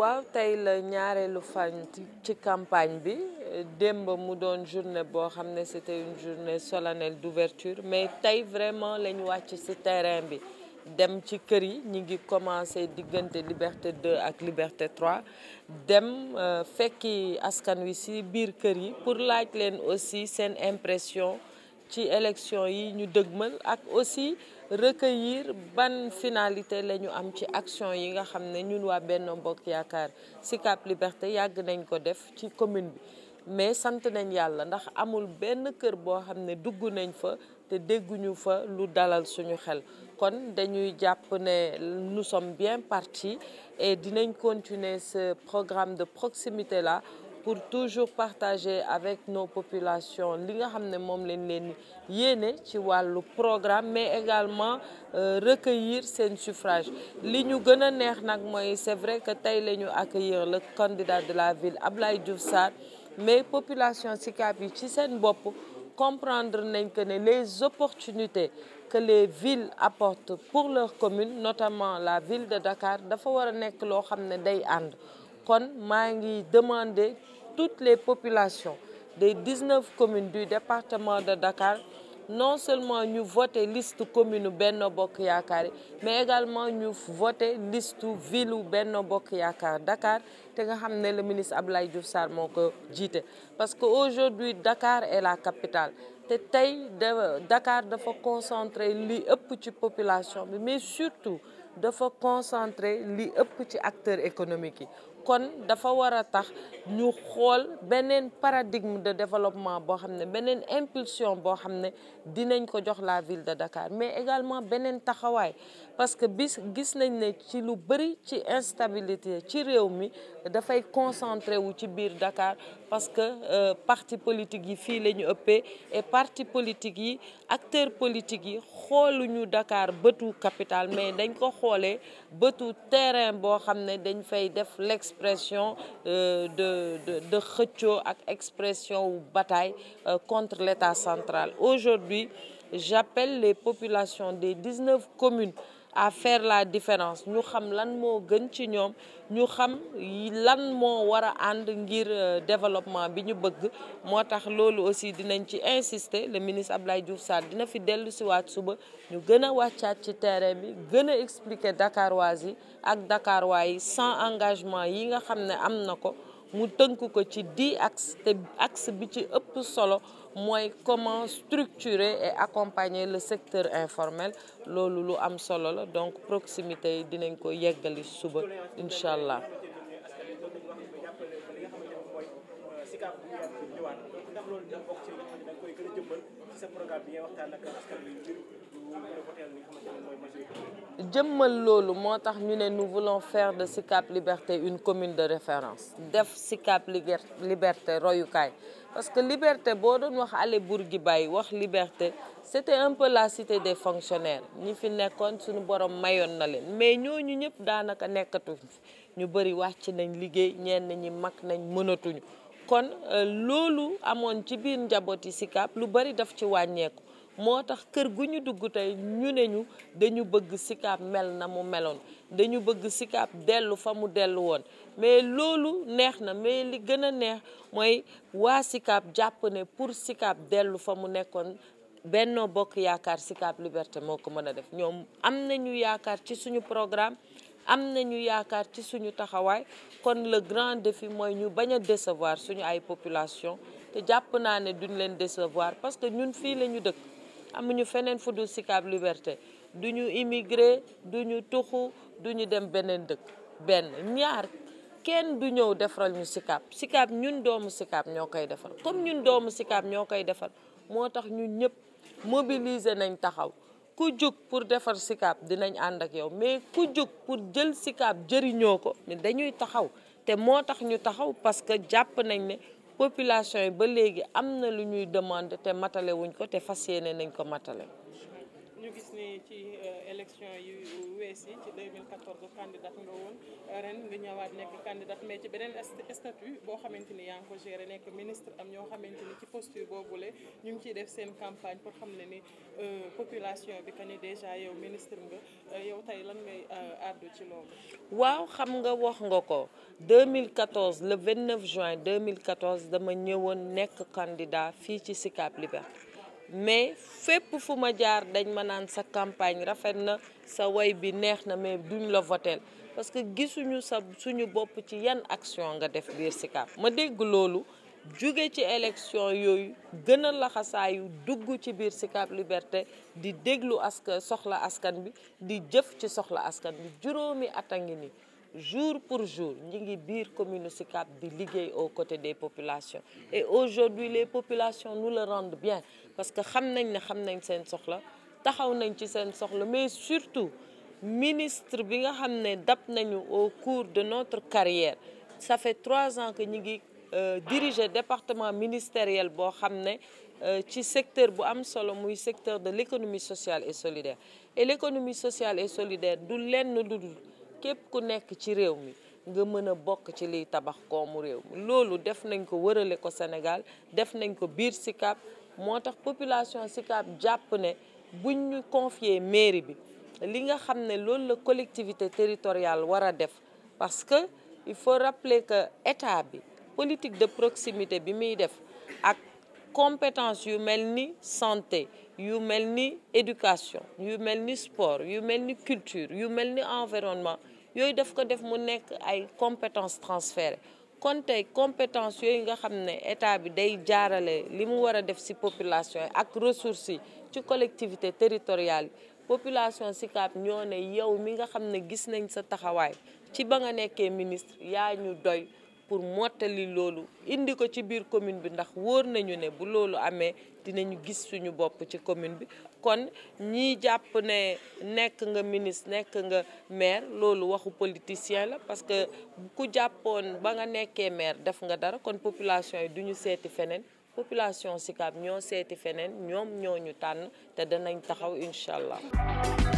waaw tey la ñaareelu fan ci campagne bi démb mu doon journée boo xam ne c'était une journée solennelle d'ouverture mais tey vraiment lañu wàcc ci terrain bi dem ci kër yi ñu ngi commencé diggante liberté 2 ak liberté 3 dem euh, fekki askan wi ci biir kër yi pour laaj leen aussi seen impression ci élection yi ñu dëgmal ak aussi recueillir ban finalité lañu am ci action yi nga xam ne ñun waa benn mbokk Yaakaar Sicap Liberté yàgg nañ ko def ci commune bi mais sant nañ yàlla ndax amul benn kër boo xam ne dugg nañ fa te dégguñu fa lu dalal suñu xel kon dañuy jàpp ne nous sommes bien partis et dinañ continuer ce programme de proximité la pour toujours partager avec nos populations li nga xam ne moom leen leen yéene ci wàllu programme mais également euh, recueillir seen suffrage li ñu gën a neex nag mooy c'est vrai que tey la ñu accueillir le candidat de la ville Ablaye Diouf Sarr mais population Sicap yi ci seen bopp comprendre nañ que ne les opportunités que les villes apporte pour leur commune notamment la ville de Dakar dafa war a nekk loo xam ne day ànd kon maa ngi demander toutes les populations des 19 communes du département de Dakar non seulement ñu voté liste commune Benno Bokk Yaakaar yi mais également ñu voté liste ville Benno Bokk Yaakaar Dakar te nga xam ne le ministre Abdoulaye Diouf Sarr moo ko jiite parce que aujourd'hui Dakar est la capitale te tey Dakar dafa concentrer li ëpp ci population bi mais surtout dafa concentrer li ëpp ci acteur économiques yi kon dafa war a tax ñu xool beneen paradigme de développement boo xam ne beneen impulsion boo xam ne dinañ ko jox la ville de Dakar mais également beneen taxawaay parce que bis gis nañ ne ci lu bëri ci instabilité ci réew mi dafay concentré wu ci biir Dakar parce que euh, parti politique yi fii la ñu ëppee et parti politique yi acteur politique yi xooluñu Dakar bëtu capitale mais dañ ko xoolee bëtu terrain boo xam ne dañ fay def l'ex expression euh, de de de xëccoo ak expression wu bataille euh, contre l'État central aujourd'hui j'appelle les populations des 19 communes à faire la différence ñu xam lan moo gën ci ñoom ñu xam lan moo war a ànd ngir euh, développement bi ñu bëgg moo tax loolu aussi dinañ ci insister le ministre Abdoulaye Diouf Sarr dina fi dellu si waat suba ñu gën a wàccaat ci terrain bi gën a expliquer Dakarois yi ak Dakarois yi sans engagement yi nga xam ne am na ko mu tënk ko ci di axes te axe bi ci ëpp solo mooy comment structurer et accompagner le secteur informel loolu lu am solo la donc proximité yi dinañ ko yeggali suba incha allah. jëmmal loolu moo tax ñu ne nous voulons faire de Sicap Liberté une commune de référence def Sicap Liberté royukaay parce que liberté boo doon wax Alébourguiba yi wax liberté c'était un peu la cité des fonctionnaires ñi fi nekkoon suñu borom mayoon na leen mais ñooñu ñëpp daanaka nekkatu fi ñu bëri wàcc nañ liggéey ñenn ñi mag nañ mënatuñu kon euh, loolu amoon ci biir njaboot yi Sicap lu bari daf ci wàññeeku moo tax kër gu ñu dugg tey ñu ne ñu dañu bëgg Sicap mel na mu meloon dañu bëgg Sicap dellu fa mu dellu woon mais loolu neex na mais li gën a neex mooy waa Sicap jàpp ne pour Sicap dellu fa mu nekkoon Benno Bokk Yaakaar Sicap Liberté moo ko mën a def ñoom am nañu yaakaar ci suñu programme am nañu yaakaar ci suñu taxawaay kon le grand défi mooy ñu bañ a décevoir suñu ay population te jàpp naa ne duñ leen décevoir parce que ñun fii lañu ñu dëkk amuñu feneen fu dul Sicap Liberté duñu immigré duñu tuxu ñu dem beneen dëkk benn ñaar kenn du ñëw defaral ñu Sicap Sicap ñun doomu Sicap ñoo koy defar comme ñun doomu Sicap ñoo koy defar moo tax ñun ñëpp mobiliser nañ taxaw ku jóg pour defar Sicap dinañ ànd ak yow mais ku jóg pour jël Sicap jëriñoo ko ne dañuy taxaw te moo tax ñu taxaw parce que jàpp nañ ne population yi ba léegi am na lu ñuy demande te matale wuñ ko te fas yéene nañ ko matale ñu gis ni ci euh, élection yu wees yi ci 2014 candidat nga woon euh, ren nga ñëwaat nekk candidat mais ci beneen statut boo xamante ni yaa ngi ko géré nekk ministre am ñoo xamante ni ci boobu boobule ñu ngi ciy def seen campagne pour xam ne ni euh, population bi que ni déjà yow ministre nga yow tey lan ngay àddu ci loolu. waaw xam nga wax nga ko 2014 le 29 juin 2014 dama ñëwoon nekk candidat fii ci Sicap Liberté. mais fépp fu ma jaar dañ ma naan sa campagne rafet na sa way bi neex na mais duñ la votel parce que gisuñu sa suñu bopp ci yan action nga def biir Sicap ma dégg loolu jóge ci élection yooyu gën a laxasaayu dugg ci biir Sicap Liberté di déglu aska soxla askan bi di jëf ci soxla askan bi juróomi at a ngi nii jour pour jour ñi ngi biir commune Sicap di liggéey au côté des populations et aujourd'hui les populations nous le rendent bien parce que xam nañ ne xam nañ seen soxla taxaw nañ ci seen soxla mais surtout ministre bi nga xam ne dab nañu au cours de notre carrière ça fait trois ans que ñi ngi euh, diriger département ministériel boo xam ne euh, ci secteur bu am solo muy secteur de l'économie sociale et solidaire et l'économie sociale et solidaire du lenn lu képp ku nekk ci réew mi nga mën a bokk ci liy tabax koomu réew mi loolu def nañ ko wërale ko Sénégal def nañ ko biir Sicap moo tax population Sicap jàpp ne buñ ñu confier mairie bi li nga xam ne loolu la collectivité territoriale war a def parce que il faut rappeler que état bi politique de proximité bi muy def ak compétence yu mel ni santé yu mel ni éducation yu mel ni sport yu mel ni culture yu mel ni environnement yooyu daf ko def mu nekk ay compétence transférées kon tey compétence yooyu nga xam ne état bi day jaarale li mu war a def ci population yi ak ressources yi ci collectivité territoriale yi population Sicap ñoo ne yow mi nga xam ne gis nañ sa taxawaay ci ba nga nekkee ministre yaa ñu doy pour mottali loolu indi ko ci biir commune bi ndax wóor nañu ne bu loolu amee dinañu gis suñu bopp ci commune bi kon ñii jàpp ne nekk nga ministre nekk nga maire loolu waxu politicien la parce que ku jàppoon ba nga nekkee maire def nga dara kon population yi duñu seeti feneen population Sicap ñoo seeti feneen ñoom ñoo ñu tànn te danañ taxaw incha allah.